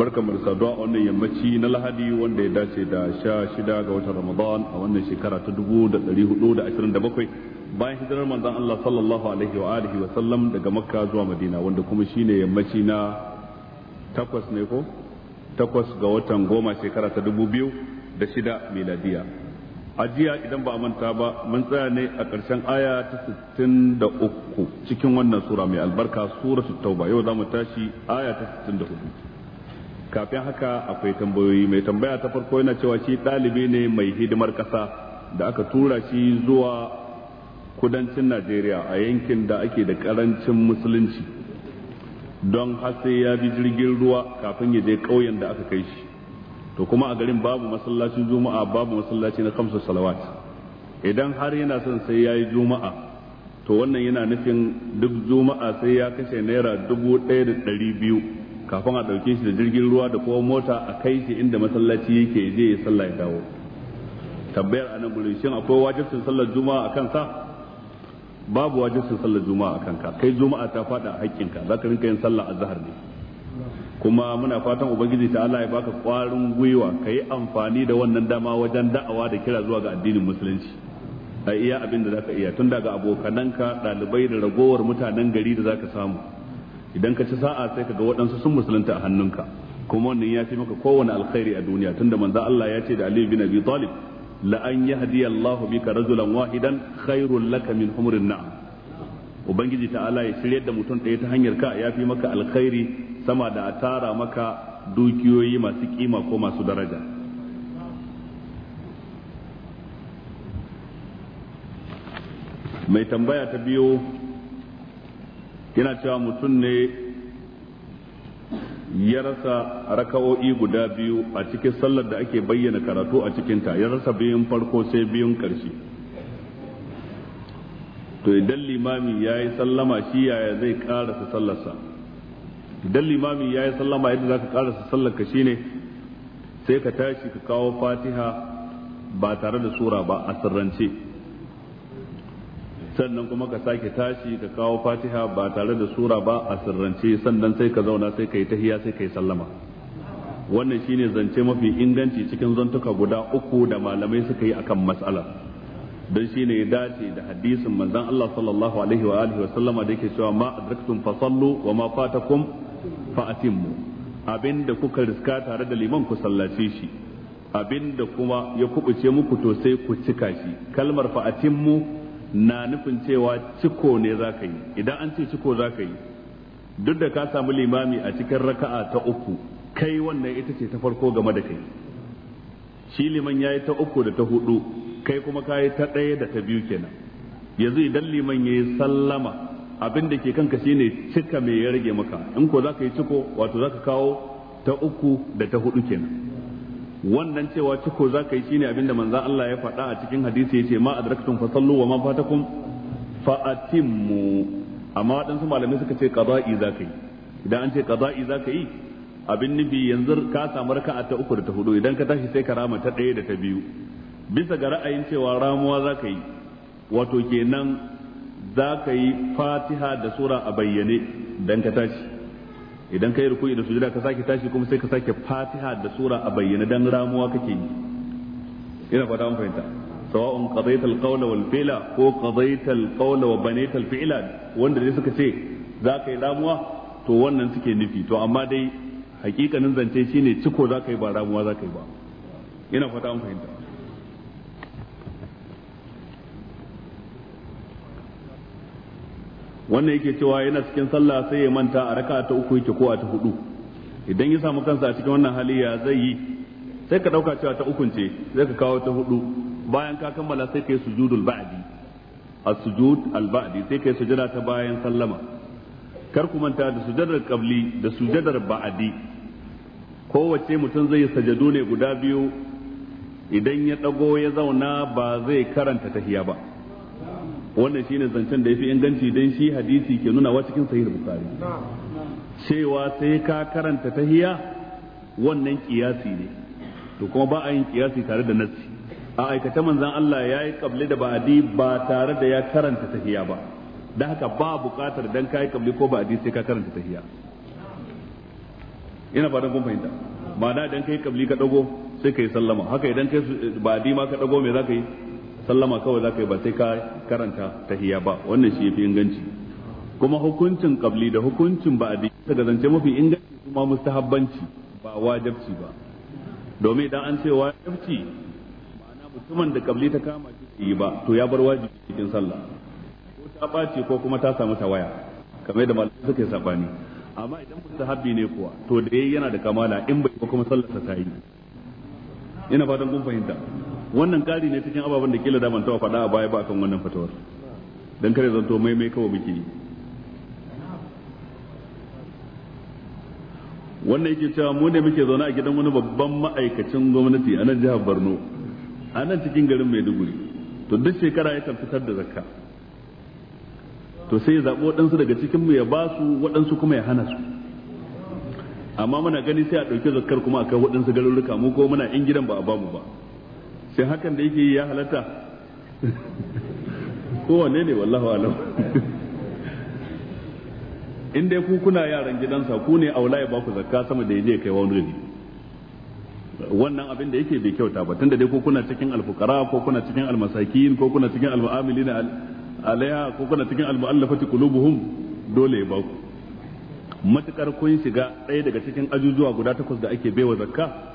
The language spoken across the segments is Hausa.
barka mu saduwa a wannan yammaci na lahadi wanda ya dace da sha shida ga watan ramadan a wannan shekara ta dubu da ɗari hudu da ashirin da bakwai bayan hijirar manzon allah sallallahu alaihi wa alihi wa sallam daga makka zuwa madina wanda kuma shine yammaci na takwas ne ko takwas ga watan goma shekara ta dubu biyu da shida miladiya a jiya idan ba a manta ba mun tsaya ne a ƙarshen aya ta sittin da uku cikin wannan sura mai albarka sura su tauba yau za mu tashi aya ta sittin da hudu kafin haka akwai tambayoyi mai tambaya ta farko yana cewa shi ɗalibi ne mai hidimar ƙasa da aka tura shi zuwa kudancin najeriya a yankin da ake da ƙarancin musulunci don har ya bi jirgin ruwa kafin ya je ƙauyen da aka kai shi to kuma a garin babu masallacin juma'a babu masallaci na kamsa salawat idan har yana son sai ya yi juma'a to wannan yana nufin duk juma'a sai ya kashe naira dubu ɗaya da ɗari biyu kafin a ɗauke shi da jirgin ruwa da kuma mota a kai shi inda masallaci yake je ya sallah ya dawo tabbayar a nan gurin shin akwai wajibcin sallar juma'a a kansa babu wajibcin sallar juma'a a kanka kai juma'a ta faɗa haƙƙinka za ka rinka yin sallah a zahar ne kuma muna fatan ubangiji ta Allah ya baka ƙwarin gwiwa ka yi amfani da wannan dama wajen da'awa da kira zuwa ga addinin musulunci a iya abin da za ka iya tun daga abokananka ɗalibai da ragowar mutanen gari da za ka samu idan ka ci sa'a sai ka ga waɗansu sun musulunta a hannunka kuma wannan ya fi maka kowane alkhairi a duniya tunda manzo Allah ya ce da Ali bin Abi Talib la an yahdi Allahu bika rajulan wahidan khairul laka min humrin na'am ubangiji ta'ala ya shiryar da mutum ɗaya ta hanyar ka ya fi maka alkhairi sama da a tara maka dukiyoyi masu kima ko masu daraja mai tambaya ta biyu yana cewa mutum ne ya rasa raka'o'i guda biyu a cikin sallar da ake bayyana karatu a cikinta ya rasa biyun farko sai biyun ƙarshe to idan limami ya yi sallama shi yaya zai ƙarasa sallarsa idan limami ya yi sallama yadda za ka ƙarasa sallarka shine sai ka tashi ka kawo fatiha ba tare da sura ba a sirrance sannan kuma ka sake tashi ka kawo fatiha ba tare da sura ba a sirrance sannan sai ka zauna sai ka yi tahiya sai ka yi sallama wannan shine zance mafi inganci cikin zantuka guda uku da malamai suka yi akan matsala don shine ya dace da hadisin manzan Allah sallallahu alaihi wa alihi wa sallama da yake cewa ma adraktum fasallu wa ma fatakum fa atimmu abinda kuka riska tare da liman ku sallace shi abinda kuma ya kubuce muku to sai ku cika shi kalmar fa atimmu na nufin cewa ciko ne za ka yi idan an ce ciko za ka yi duk da ka samu limami a cikin raka'a ta uku kai wannan ita ce ta farko game da kai shi liman ya yi ta uku da ta hudu kai kuma ka yi ta ɗaya da ta biyu kenan yanzu idan liman ya yi sallama abin da ke kanka shine cika mai ya rage maka in ko za ka yi ciko wato za ka kawo ta uku da ta hudu kenan wannan cewa ciko za ka yi shine abinda manzan Allah ya faɗa a cikin hadisi ya ce ma adraktum fa sallu wa ma fatakum fa atimmu amma waɗansu malamai suka ce qada'i za ka yi idan an ce qada'i za ka yi abin nufi yanzu ka samu raka'a ta uku da ta hudu idan ka tashi sai ka rama ta ɗaya da ta biyu bisa ga ra'ayin cewa ramuwa za ka yi wato kenan za ka yi fatiha da sura a bayyane dan ka tashi idan ka yi ruku'i da sujada ka sake tashi kuma sai ka sake fatiha da sura a bayyana dan ramuwa kake yi ina fata mun fahimta sawa'un qadaita al-qawla wal fi'la ko qadaita al-qawla wa banaita al-fi'la wanda dai suka ce za ka yi ramuwa to wannan suke nufi to amma dai hakikanin zance shine ciko za ka yi ba ramuwa za ka yi ba ina fata mun fahimta wannan yake cewa yana cikin sallah sai ya manta a raka'a ta uku yake ko a ta hudu idan ya samu kansa a cikin wannan hali ya zai yi sai ka dauka cewa ta uku ce sai ka kawo ta hudu bayan ka kammala sai ka yi sujudul ba'di as-sujud al-ba'di sai ka yi sujada ta bayan sallama kar ku manta da sujadar qabli da sujadar ba'di kowace mutum zai sajadu ne guda biyu idan ya dago ya zauna ba zai karanta tahiya ba wannan shine zancen da yafi inganci dan shi hadisi ke nuna wa cikin sahih bukhari cewa sai ka karanta tahiya wannan kiyasi ne to kuma ba a yin kiyasi tare da nassi a aikata manzan Allah ya yi kabli da ba'adi ba tare da ya karanta tahiya ba da haka ba bukatar dan kai kabli ko ba'adi sai ka karanta tahiya ina fatan kun fahimta ma'ana idan kai kabli ka dago sai kai sallama haka idan kai ba'adi ma ka dago me zaka yi sallama kawai zaka yi ba sai ka karanta tahiya ba wannan shi yafi inganci kuma hukuncin qabli da hukuncin ba'di daga zance mafi inganci kuma mustahabbanci ba wajibci ba domin idan an ce wajibci ma'ana mutumin da qabli ta kama shi yi ba to ya bar wajibi cikin sallah ko ta bace ko kuma ta samu tawaya kamar da malamai suke sabani amma idan mustahabbi ne kuwa to da yayi yana da kamala in bai kuma sallarsa ta yi ina fatan kun fahimta wannan kari ne cikin ababen da kila da mantawa faɗa a baya ba akan wannan fatawar don kare zanto mai mai kawai muke yi wannan yake cewa mu ne muke zaune a gidan wani babban ma'aikacin gwamnati a nan jihar Borno a nan cikin garin Maiduguri to duk shekara ya fitar da zakka to sai ya zaɓi waɗansu daga cikin ya ba su waɗansu kuma ya hana su amma muna gani sai a ɗauki zakkar kuma a kai waɗansu garuruka mu ko muna in gidan ba a bamu ba sai hakan da yake yi ya halatta kowanne ne wallahu alam in dai ku kuna yaran gidansa ku ne a ya baku zakka sama da yaje kai wani gari wannan abin da yake bai kyauta ba tunda dai ku kuna cikin alfukara ko kuna cikin almasakin ko kuna cikin almu'amilina alaiha ko kuna cikin almu'allafati qulubuhum dole ya baku matukar kun shiga ɗaya daga cikin ajujuwa guda takwas da ake baiwa zakka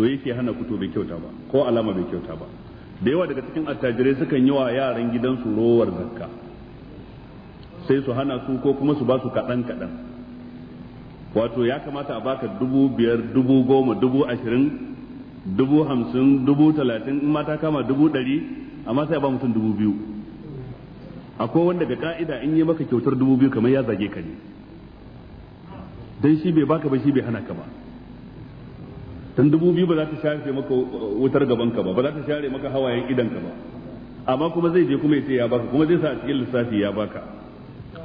to yake hana fito bai kyauta ba ko alama bai kyauta ba da yawa daga cikin attajirai sukan yi wa yaran gidansu rowar zakka sai su hana su ko kuma su ba su kaɗan kaɗan wato ya kamata a baka dubu biyar dubu goma dubu ashirin dubu hamsin dubu talatin in mata kama dubu ɗari amma sai a ba mutum dubu biyu akwai wanda ga ka'ida in yi maka kyautar dubu biyu kamar ya zage ka ne dan shi bai baka ba shi bai hana ka ba tun dubu biyu ba za ta share maka wutar gabanka ba ba za ta share maka hawayen idanka ba amma kuma zai je kuma ya ce ya baka kuma zai sa a cikin lissafi ya baka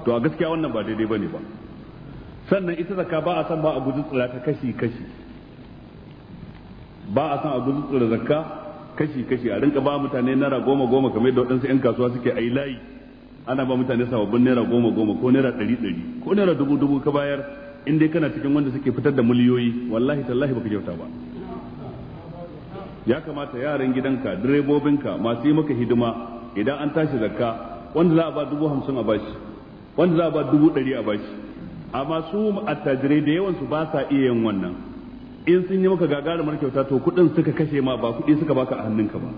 to a gaskiya wannan ba daidai bane ba sannan ita zakka ba a san ba a guji tsira ta kashi kashi ba a san a guji tsira zakka kashi kashi a rinka ba mutane naira goma goma kamar yadda waɗansu 'yan kasuwa suke a layi ana ba mutane sababbin naira goma goma ko naira ɗari ɗari ko naira dubu dubu ka bayar in dai kana cikin wanda suke fitar da miliyoyi wallahi tallahi baka kyauta ba ya kamata yaran gidanka direbobinka masu yi maka hidima idan an tashi zakka wanda za a ba dubu hamsin a bashi wanda za a ba dubu ɗari a bashi amma su attajirai da yawansu ba sa iya yin wannan in sun yi maka gagarumar kyauta to kuɗin suka kashe ma ba kuɗi suka baka a hannunka ba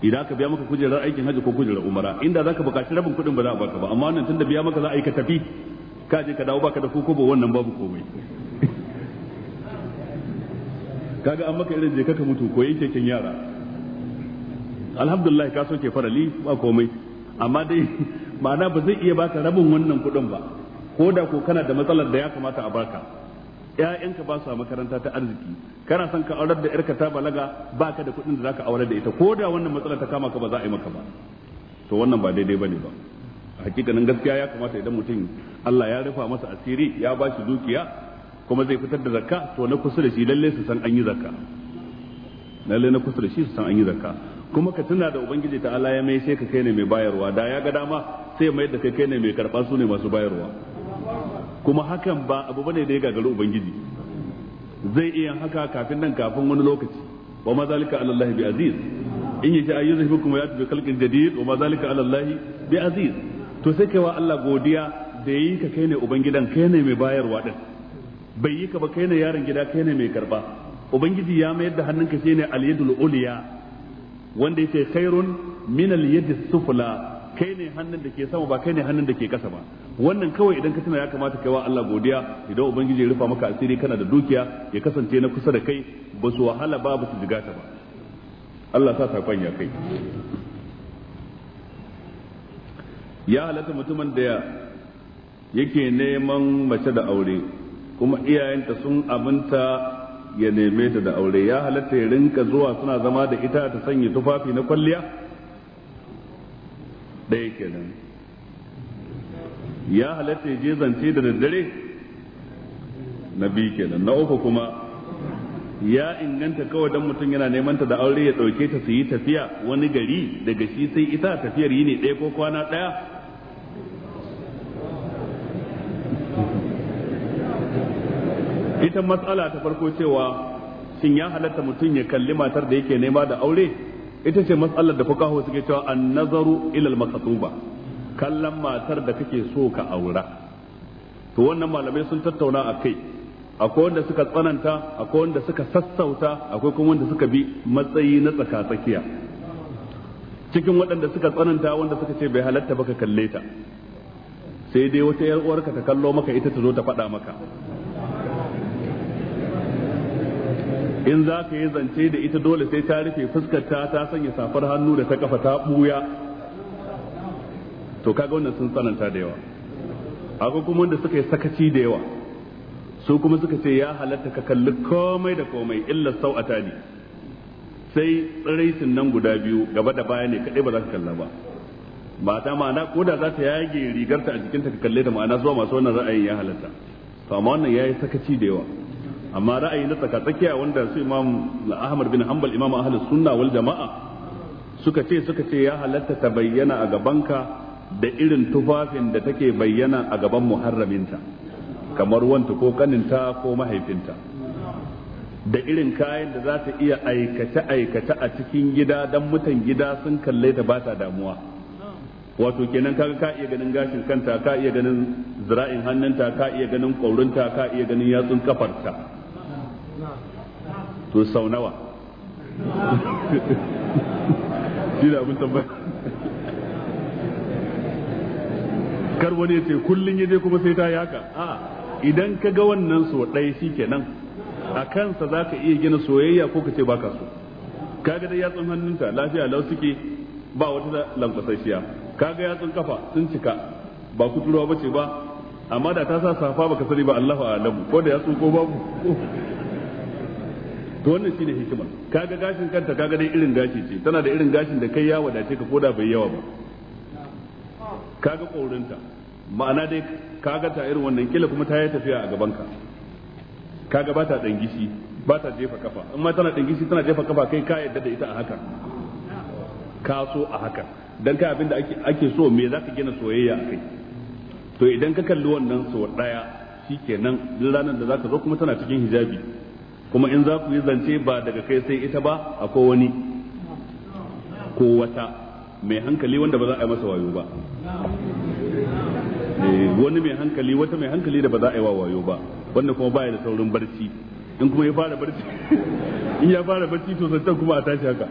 idan ka biya maka kujerar aikin hajji ko kujerar umara inda za ka buƙaci rabin kuɗin ba za a baka ba amma wannan tunda biya maka za a yi ka tafi ka je ka dawo baka da ko ba wannan babu komai kaga an maka irin je ka mutu ko yake kin yara alhamdulillah ka soke farali ba komai amma dai ma'ana ba zai iya baka rabin wannan kuɗin ba ko da ko kana da matsalar da ya kamata a baka ƴaƴanka ba su a makaranta ta arziki kana son ka aurar da ƴarka ta balaga baka da kuɗin da zaka aurar da ita ko da wannan matsalar ta kama ka ba za a yi maka ba to wannan ba daidai bane ba hakikanin gaskiya ya kamata idan mutum Allah ya rufa masa asiri ya ba shi dukiya kuma zai fitar da zakka to na kusa da shi lalle su san an yi zakka lalle na kusa da shi su san an yi zakka kuma ka tuna da ubangiji ta Allah ya mai sai ka kai ne mai bayarwa da ya ga dama sai mai da kai kai ne mai karba su ne masu bayarwa kuma hakan ba abu bane da ya gagaru ubangiji zai iya haka kafin nan kafin wani lokaci wa ma zalika ala bi aziz in yaji ayyuzukum ya tubi khalqin jadid wa ma zalika ala bi aziz to sai kai wa Allah godiya da yi ka kai ne ubangidan kai ne mai bayarwa din bai yi ka ba kai ne yaron gida kai ne mai karba ubangiji ya mayar da hannunka ne al-yadul uliya wanda yake khairun min al-yadis sufla kai ne hannun da ke sama ba kai ne hannun da ke kasa ba wannan kawai idan ka tuna ya kamata kai wa Allah godiya idan ubangiji ya rufa maka asiri kana da dukiya ya kasance na kusa da kai ba su wahala ba ba su jigata ba Allah sa sakon ya kai ya halatta mutumin da yake neman mace da aure kuma iyayenta sun abinta ya neme ta da aure ya halatta ya rinka zuwa suna zama da ita ta sanya tufafi na kwalliya yake nan. ya halatta ya je zance da daddare na biyu kenan na uku kuma ya inganta kawai don mutum yana neman ta da aure ya ɗauke ta su yi tafiya wani gari daga shi sai ita tafiyar yi ne ɗaya ko kwana ɗaya ita matsala ta farko cewa shin ya halatta mutum ya kalli matar da yake nema da aure ita ce matsalar da fukahu suke cewa an nazaru ilal makasuba kallon matar da kake so ka aura to wannan malamai sun tattauna a kai akwai wanda suka tsananta akwai wanda suka sassauta akwai kuma wanda suka bi matsayi na tsaka tsakiya cikin waɗanda suka tsananta wanda suka ce bai halatta baka kalle ta sai dai wata yar uwarka ta kallo maka ita ta zo ta faɗa maka in za ka yi zance da ita dole sai ta rufe fuskarta ta sanya safar hannu da ta kafa ta buya to kaga wannan sun tsananta da yawa akwai kuma wanda suka yi sakaci da yawa su kuma suka ce ya halatta ka kalli komai da komai illa sau'ata ne sai tsiraisin nan guda biyu gaba da baya ne kadai ba za ka kalla ba mata ma'ana ko da za ta yage rigarta a jikinta ka kalle da ma'ana zuwa masu wannan ra'ayin ya halatta to amma wannan ya yi sakaci da yawa amma ra'ayi na tsakatsakiya wanda su imam ahmad bin hanbal imam ahlus sunna wal jama'a suka ce suka ce ya halatta ta bayyana a gabanka da irin tufafin da take bayyana a gaban muharraminta kamar wanta ko kaninta ko mahaifinta da irin kayan da za ta iya aikace aikace a cikin gida dan mutan gida sun kalle ta ba ta damuwa wato kenan kaga ka iya ganin gashin kanta ka iya ganin zira'in hannunta ka iya ganin ƙaurinta ka iya ganin yatsun kafarta to sau nawa shi da abin tambaya kar wani ya ce kullum ya je kuma sai ta yaka a idan ka ga wannan so ɗaya shi kenan a kansa za ka iya gina soyayya ko ka ce ba ka so kaga dai yatsun hannunta lafiya lau suke ba wata lankwasasshiya kaga yatsun kafa sun cika ba kuturuwa turuwa ba amma da ta sa safa baka sani ba Allahu a'lamu ko da yatsu ko babu to wannan shine hikimar kaga gashin kanta kaga dai irin gashi ce tana da irin gashin da kai ya wadace ka koda bai yawa ba kaga ƙorinta ma'ana dai kaga ta irin wannan kila kuma ta yi tafiya a gaban ka kaga ba ta dangishi ba ta jefa kafa in ma tana dangishi tana jefa kafa kai ka yadda da ita a haka ka so a haka dan kai abinda ake ake so me zaka gina soyayya a kai to idan ka kalli wannan so daya shikenan duk ranar da zaka zo kuma tana cikin hijabi kuma in za ku yi zance ba daga kai sai ita ba a wani ko wata mai hankali wanda ba za a yi masa wayo ba eh, wani mai hankali wata mai hankali da ba za a yi wa wayo ba wanda kuma baya da saurin barci in kuma ya fara barci in ya fara barci to zantan kuma a tashi haka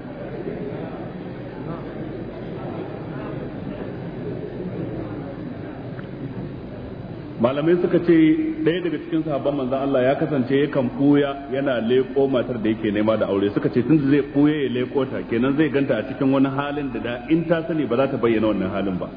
malamai suka ce ɗaya daga cikin sahabban manzan Allah ya kasance yakan kuya yana leko matar da yake nema da aure suka ce tun zai kuya ya leko ta kenan zai ganta a cikin wani halin da da in ta sani ba za ta bayyana wannan halin ba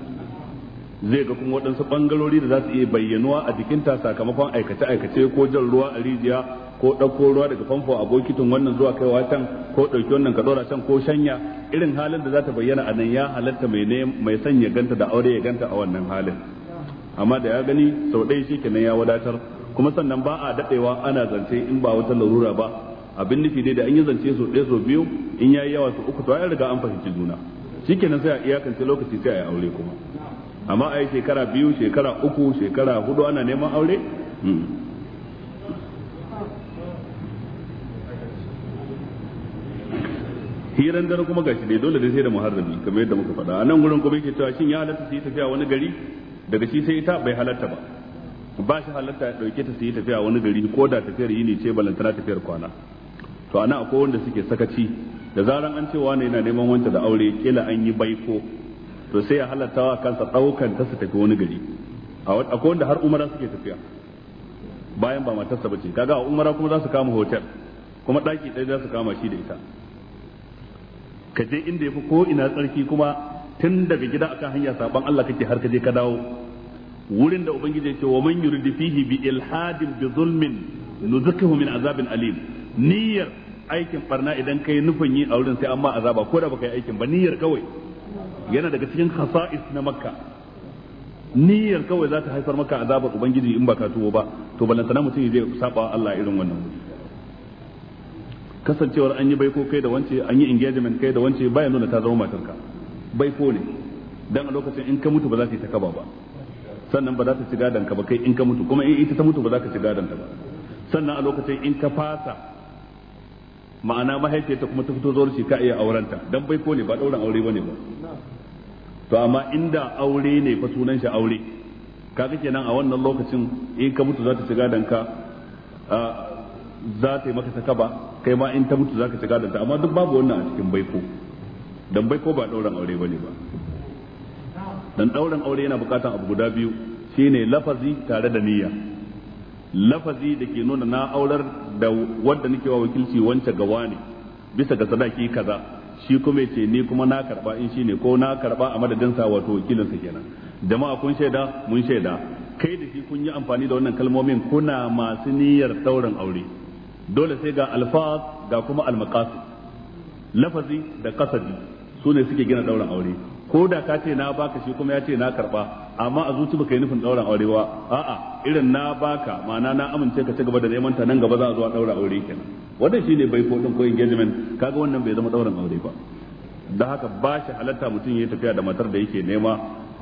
zai ga kuma waɗansu ɓangarori da za su iya bayyanuwa a jikinta sakamakon aikace-aikace ko jan ruwa a rijiya ko ɗauko ruwa daga famfo a bokitin wannan zuwa kaiwa can ko ɗauki wannan ka ɗora can ko shanya irin halin da za ta bayyana a nan ya halatta mai sanya ganta da aure ya ganta a wannan halin amma da ya gani sau ɗaya shi kenan ya wadatar kuma sannan ba a daɗewa ana zance in ba wata larura ba abin nufi dai da an yi zance sau ɗaya sau biyu in ya yi yawa sau uku to ya riga an fahimci juna shi kenan sai a iyakance lokaci sai a yi aure kuma amma a yi shekara biyu shekara uku shekara hudu ana neman aure hmm. hiran dare kuma gashi dai dole dai sai da muharrami kamar yadda muka faɗa a nan gurin kuma yake cewa shin ya halatta su yi tafiya wani gari daga shi sai ita bai halarta ba ba shi halatta ya dauke ta su yi tafiya wani gari ko da tafiyar yini ce balantana tafiyar kwana to ana akwai wanda suke sakaci da zaran an cewa ne yana neman wanta da aure kila an yi baiko to sai ya halatta wa kansa daukan ta su tafi wani gari akwai wanda har umara suke tafiya bayan ba matarsa bace kaga a umara kuma za su kama hotel kuma daki ɗaya za su kama shi da ita ka je inda ya fi ko ina tsarki kuma tun daga gida akan hanya saban Allah kake har ka je ka dawo wurin da ubangiji yake wa man yuridu fihi bi ilhadin bi zulmin nuzukuhu min azabin alim niyyar aikin barna idan kai nufin yi a wurin sai amma azaba ko da baka yi aikin ba niyyar kawai yana daga cikin khasa'is na makka niyyar kawai za ta haifar maka azabar ubangiji in ba ka tuwo ba to balantana mutum zai saba Allah irin wannan kasancewar an yi baiko kai da wance an yi engagement kai da wance bayan nuna ta zama matarka baiko ne dan a lokacin in ka mutu ba za ta yi ta kaba ba sannan ba za ta shiga danka ba kai in ka mutu kuma in ita ta mutu ba za ka shiga danka ba sannan a lokacin in ka fasa ma'ana mahaifiyarta kuma ta fito zuwa ka iya aurenta dan baiko ne ba dauran aure bane ba to amma inda aure ne fa sunan shi aure kaga kenan a wannan lokacin in ka mutu za ta shiga danka za ta yi maka ta kaba kai ma in ta mutu za ka shiga danta amma duk babu wannan a cikin baiko dan bai ko ba dauran aure bane ba dan dauran aure yana bukatan abu guda biyu shine lafazi tare da niyya lafazi da ke nuna na aurar da wadda nake wa wakilci wancan gawa ne bisa ga sadaki kaza shi kuma ce ni kuma na karba in shine ko na karba a madadin sa wato wakilin sa kenan jama'a kun shaida mun shaida kai da shi kun yi amfani da wannan kalmomin kuna masu niyyar dauran aure dole sai ga alfaz ga kuma almaqasid lafazi da kasadi su ne suke gina dauran aure ko da ka ce na baka shi kuma ya ce na karba amma a zuci baka yi nufin dauran aure ba a'a irin na baka ma'ana na amince ka ci gaba da neman ta nan gaba za a zo a daura aure kenan wannan shine bai ko din ko engagement kaga wannan bai zama dauran aure ba da haka ba shi halatta mutum ya tafiya da matar da yake nema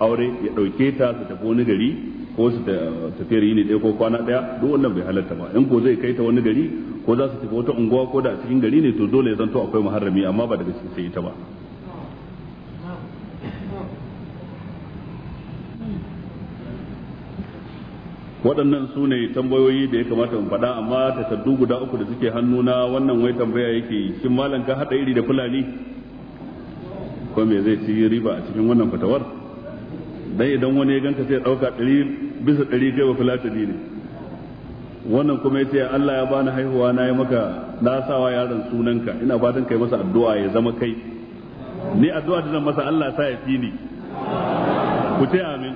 aure ya ɗauke ta su tafi wani gari ko su tafiyar yini ɗaya ko kwana daya duk wannan bai halatta ba in ko zai kai ta wani gari ko za su tafi wata unguwa ko da cikin gari ne to dole ya zanto akwai muharrami amma ba daga cikin sai ita ba waɗannan su ne tambayoyi da ya kamata in faɗa amma takardu guda uku da suke hannuna wannan wai tambaya yake yi shin malam ka haɗa iri da fulani ko me zai ci riba a cikin wannan fatawar dan idan wani ya ganka sai ɗauka ɗari bisa ɗari kai ba fulatani ne wannan kuma yace Allah ya bani haihuwa na yi maka na sawa yaron sunanka ina fatan kai masa addu'a ya zama kai ni addu'a da zan masa Allah sa ya fi ni ku ce amin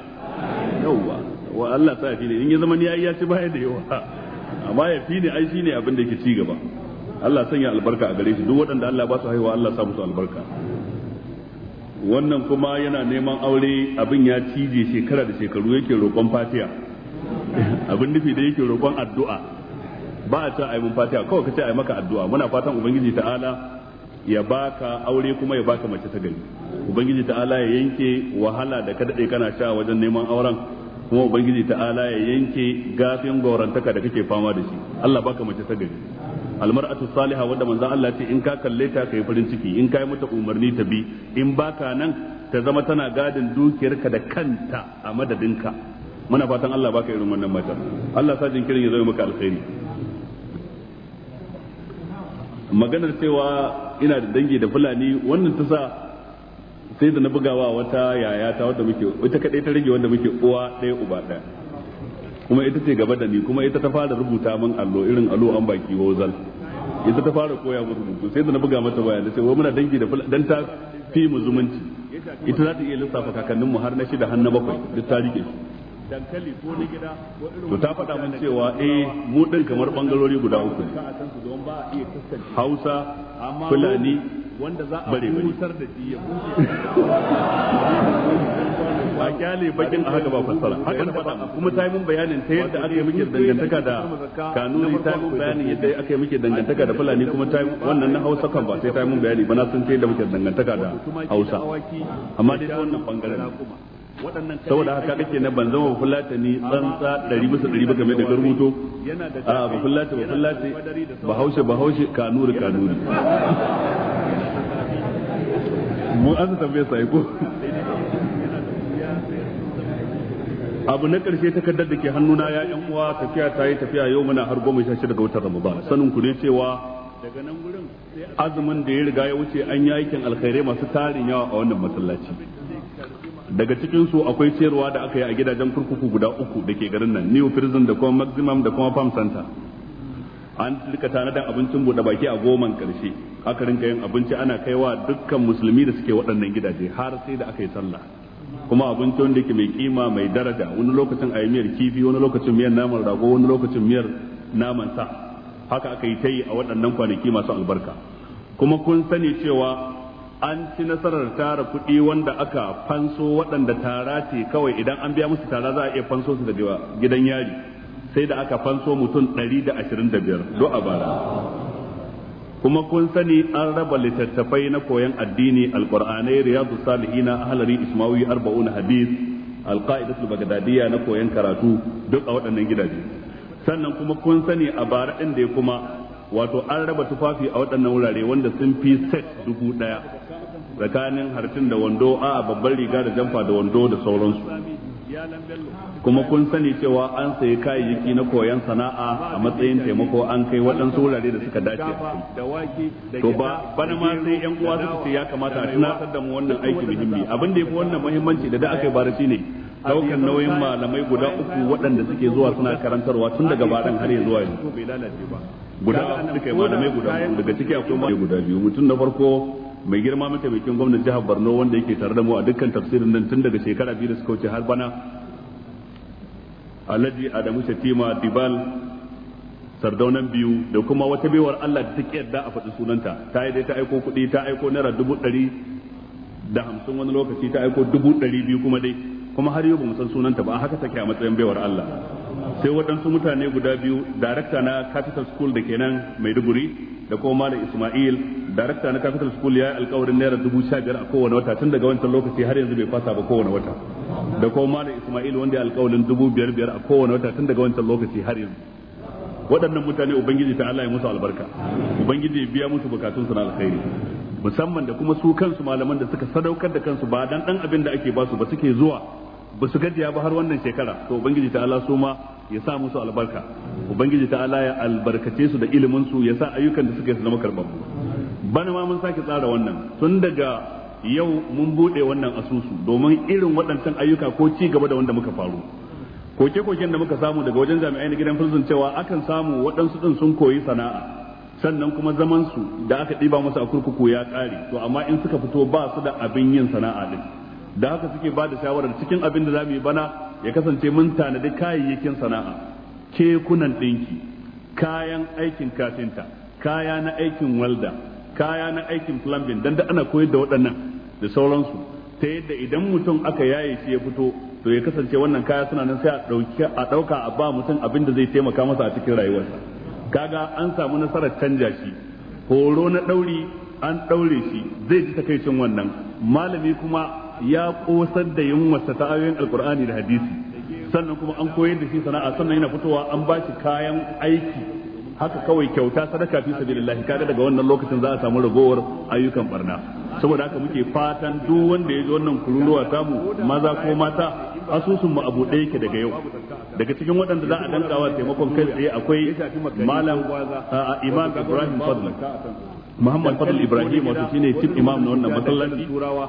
yauwa wa Allah sa fi ne in ya zama ni ya ci baya da yawa amma ya fi ne ai shi ne abin da yake ci gaba Allah sanya albarka a gare shi duk waɗanda Allah ba su haihuwa Allah sa musu albarka wannan kuma yana neman aure abin ya cije shekara da shekaru yake roƙon fatiya abin nufi da yake roƙon addu'a ba a ta mun fatiya kawai kace ai maka addu'a muna fatan ubangiji ta'ala ya baka aure kuma ya baka mace ta gari ubangiji ta'ala ya yanke wahala da ka dade kana sha wajen neman auren kuma ubangiji ta'ala ya yanke gafin gorantaka da kake fama da shi Allah baka mace ta gari almar'atu salihah wanda manzon Allah ce in ka kalle ta kai farin ciki in kai mata umarni ta bi in baka nan ta zama tana gadin dukiyarka da kanta a madadinka muna fatan Allah baka irin wannan matar Allah sa jin kirin ya zama maka alkhairi maganar cewa ina da dangi da fulani wannan ta sa sai da na bugawa wata yaya ta wadda muke ita kadai ta rage wanda muke uwa ɗaya uba ɗaya kuma ita ce gaba da ni kuma ita ta fara rubuta min allo irin allo an baki wozal ita ta fara koya min rubutu sai da na buga mata waya da ce wai muna dangi da dan ta fi mu zumunci ita za ta iya lissafa kakannin mu har na shida har na bakwai duk ta rike dankali ko na gida ko irin to ta faɗa min cewa eh mu din kamar bangarori guda uku Hausa Fulani wanda za a busar da shi ya bushe a kyale bakin a haka ba fassara haka na faɗa kuma ta yi mun bayanin ta yadda aka yi muke dangantaka da kanuni ta yi mun bayanin yadda aka yi muke dangantaka da fulani kuma ta yi wannan na hausa kan ba sai ta yi mun bayani ba na sun ta yadda muke dangantaka da hausa amma dai ta wannan bangaren saboda haka kake na ban zama bafullata ni tsantsa ɗari bisa ɗari ba game da garmuto a bafullata bafullata bahaushe bahaushe kanuri kanuri mun an tambaye sa ko abu na karshe takardar da ke hannuna ya yan uwa tafiya ta yi tafiya yau muna har goma sha shida ga watan ramadan sanin ku ne cewa daga nan gurin azumin da ya riga ya wuce an yi aikin alkhairai masu tarin yawa a wannan masallaci daga cikin su akwai ciyarwa da aka yi a gidajen kurkuku guda uku da ke garin nan new prison da kuma maximum da kuma farm center an rika tanadan abincin buɗe baki a goman karshe aka rinka yin abinci ana kaiwa dukkan musulmi da suke waɗannan gidaje har sai da aka yi sallah kuma abincin wanda yake mai kima mai daraja wani lokacin a yi miyar kifi wani lokacin miyar naman rago wani lokacin miyar naman sa haka aka yi ta yi a waɗannan kwanaki masu albarka kuma kun sani cewa an ci nasarar tara kuɗi wanda aka fanso waɗanda tara ce kawai idan an biya musu tara za a iya fanso su daga gidan yari sai da aka fanso mutum 125 do a bara kuma kun sani an raba littattafai na koyon addini alqur'anai riyadu salihina ahlari ismawi 40 hadith alqaidatu bagdadiyya na koyon karatu duk a waɗannan gidaje sannan kuma kun sani a bara ɗin da kuma wato an raba tufafi a waɗannan wurare wanda sun fi set dubu ɗaya tsakanin harcin da wando a babban riga da jamfa da wando da sauransu kuma kun sani cewa an sayi kayayyaki na koyon sana'a a matsayin taimako an kai waɗansu wurare da suka dace to ba bana ma sai yan uwa suka ce ya kamata a tunatar da mu wannan aiki muhimmi abin da yafi wannan muhimmanci da da aka yi bara shine daukan nauyin malamai guda uku waɗanda suke zuwa suna karantarwa tun daga baran har zuwa yanzu guda suka yi malamai guda daga ciki akwai guda biyu mutum na farko mai girma mataimakin gwamnan jihar Borno wanda yake tare da mu a dukkan tafsirin nan tun daga shekara biyu da suka wuce har bana Alhaji Adamu Shatima Dibal sardaunan biyu da kuma wata baiwar Allah da take yadda a faɗi sunanta ta yi dai ta aiko kuɗi ta aiko naira dubu ɗari da hamsin wani lokaci ta aiko dubu ɗari biyu kuma dai kuma har yau ba mu san sunanta ba haka take a matsayin baiwar Allah sai waɗansu mutane guda biyu director na capital school da ke nan maiduguri da kuma malam ismail director na capital school ya yi alkawarin naira dubu sha biyar a kowane wata tun daga wancan lokaci har yanzu bai fasa ba kowane wata da kuma malam ismail wanda ya alkawarin dubu biyar biyar a kowane wata tun daga wancan lokaci har yanzu waɗannan mutane ubangiji ta Allah ya musu albarka ubangiji ya biya musu bukatunsu na alkhairi musamman da kuma su kansu malaman da suka sadaukar da kansu ba dan dan abin da ake ba su ba suke zuwa ba su gajiya ba har wannan shekara to ubangiji ta'ala su ma ya sa musu albarka ubangiji ta'ala ya albarkace su da ilimin su ya sa ayyukan da suka zama karbabu bana ma mun sake tsara wannan tun daga yau mun bude wannan asusu domin irin waɗancan ayyuka ko ci gaba da wanda muka faru koke-koken da muka samu daga wajen jami'ai na gidan fulzin cewa akan samu waɗansu ɗin sun koyi sana'a sannan kuma zaman su da aka ɗiba musu a kurkuku ya ƙare to amma in suka fito ba su da abin yin sana'a din da haka suke ba da shawarar cikin abin da za mu yi bana ya kasance mun tanadi kayayyakin sana'a kekunan ɗinki kayan aikin kafinta kaya na aikin walda kaya na aikin plumbing dan da ana koyar da waɗannan da sauransu ta yadda idan mutum aka yaye shi ya fito to ya kasance wannan kaya suna nan sai a ɗauka a ba mutum abin da zai taimaka masa a cikin rayuwarsa kaga an samu nasarar canja shi horo na ɗauri an ɗaure shi zai ji takaicin wannan malami kuma ya kosar da wasa ta ayoyin alkur'ani da hadisi sannan kuma an koyar da shi sana'a sannan yana fitowa an ba shi kayan aiki haka kawai kyauta sadaka fi sabilillah kaga daga wannan lokacin za a samu ragowar ayyukan barna saboda haka muke fatan duk wanda ya ji wannan kururuwa samu maza ko mata asusun mu abu ɗaya yake daga yau daga cikin waɗanda za a dankawa taimakon kai tsaye akwai malam imam ibrahim fadl Muhammad Fadl Ibrahim wato shine chief imam na wannan masallaci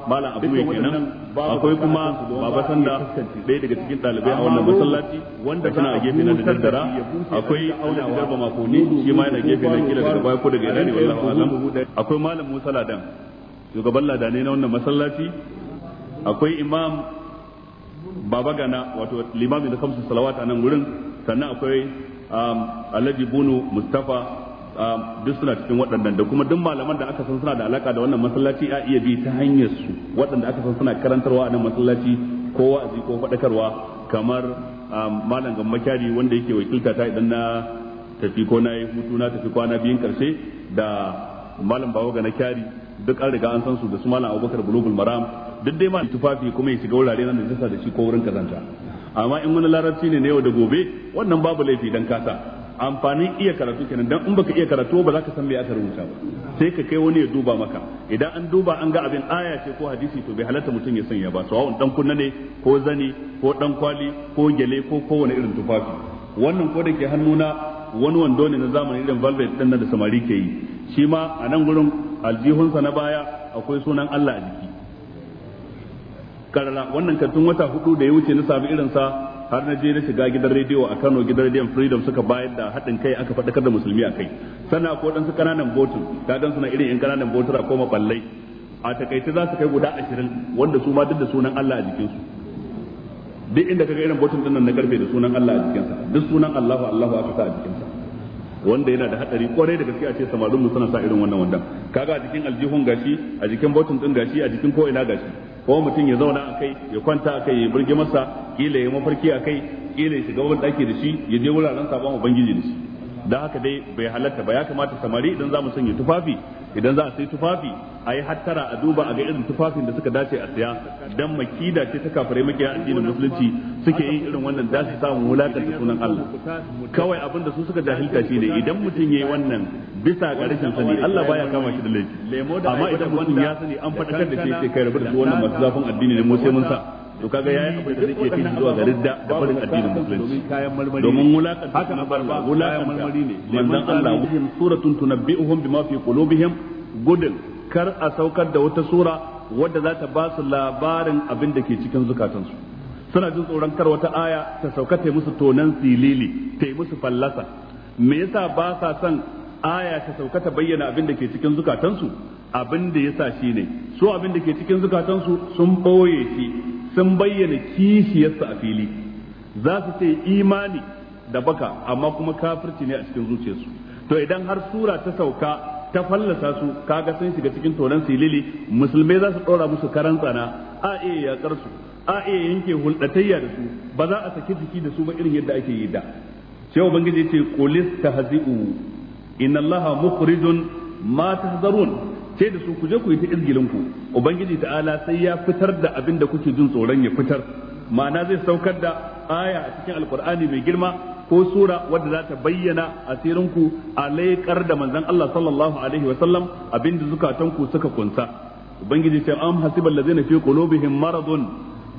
malam Abu kenan akwai kuma Baba Sanda ɗaya daga cikin ɗalibai a wannan masallaci wanda suna a gefe na da daddara akwai auna Garba Makoni shi ma yana gefe na kila daga baya ko daga ina ne wallahi alam akwai malam Musa Ladan shugaban ladane na wannan masallaci akwai imam baba gana wato limami da kamsu salawata a nan gurin sannan akwai um, alhaji bunu mustafa um, duk suna cikin waɗannan da kuma duk malaman da aka san suna da alaka da wannan masallaci a iya bi ta hanyar su waɗanda aka san suna karantarwa a nan masallaci ko wa'azi ko faɗakarwa kamar um, malam gammakari wanda yake wakilta ta idan na tafi ko na yi hutu na tafi kwana biyun karshe da malam bawa ga kyari duk an riga an san su da su malam abubakar bulugul maram duk dai ma tufafi kuma ya shiga wurare nan da da shi ko wurin kazanta amma in wani larabci ne na yau da gobe wannan babu laifi dan kasa amfanin iya karatu kenan dan in baka iya karatu ba za ka san me aka rubuta ba sai ka kai wani ya duba maka idan an duba an ga abin aya ce ko hadisi to bai halatta mutum ya sanya ba sawa'un dan kunna ne ko zani ko dan kwali ko gele ko kowane irin tufafi wannan ko da ke hannuna wani wando ne na zamani irin velvet din da samari ke yi shi ma a nan gurin aljihunsa na baya akwai sunan Allah a jiki karara wannan kantun wata hudu da ya wuce na sami irin sa har na je na shiga gidan rediyo a Kano gidan rediyon Freedom suka bayar da haɗin kai aka faɗakar da musulmi a kai sannan ko dan su kananan ta ka gan suna irin yan kananan botul a koma ɓallai. a takaice za su kai guda 20 wanda su ma duk da sunan Allah a jikin su duk inda kaga irin botun dinnan na karfe da sunan Allah a jikin sa duk sunan Allahu Allahu aka sa a jikin sa wanda yana da hadari kwarai da gaske a ce samarin mu suna sa irin wannan wanda kaga a jikin aljihun gashi a jikin botun din gashi a jikin ko ina gashi ko mutum ya zauna akai ya kwanta akai kai ya burge masa kila ya mafarki akai kai kila ya shiga ban daki da shi ya je wuraren sabon ubangiji da shi da haka dai bai halarta ba ya kamata samari idan zamu sanya tufafi idan za a sai tufafi a yi hattara a duba a ga irin tufafin da suka dace a siya dan makida ce ta kafare makiya addinin musulunci suke yin irin wannan da su samu da sunan Allah kawai abin da su suka jahilta shi ne idan mutum yayi wannan bisa ga rashin sani Allah baya kama shi da laifi amma idan mutum ya sani an fadakar da shi sai kai rabu da wannan masu zafin addini ne mu sai mun sa to kaga yayi abin da zai iya zuwa garin da barin addinin musulunci domin mulaka na barba mulaka marmari ne manzon Allah wuhin suratun tunabbi'uhum bima fi qulubihim gudun kar a saukar da wata sura wadda za ta ba su labarin abin da ke cikin zukatansu suna jin tsoron kar wata aya ta sauka ta musu tonan silili ta musu fallasa me yasa ba sa son aya ta sauka ta bayyana abin da ke cikin zukatansu abin da yasa shine so abin da ke cikin zukatansu sun boye shi sun bayyana kishiyarsa a fili za su ce imani da baka amma kuma kafirci ne a cikin zuciyarsu to idan har sura ta sauka ta fallasa su kaga sun shiga cikin tonan silili musulmai za su ɗora musu karan tsana a iya yakar su a iya yanke hulɗatayya da su ba za a saki jiki da su ba irin yadda ake yi da sai ubangiji ce qulis tahzi'u inna allaha mukhrijun ma tahzarun sai da su ku je ku yi ta izgilin ku ubangiji ta'ala sai ya fitar da abin da kuke jin tsoron ya fitar ma'ana zai saukar da aya a cikin alkur'ani mai girma ko sura wadda za ta bayyana asirin ku alaikar da manzon Allah sallallahu alaihi wa sallam abin da zukatan ku suka kunsa ubangiji ta am hasibal ladzina fi qulubihim maradun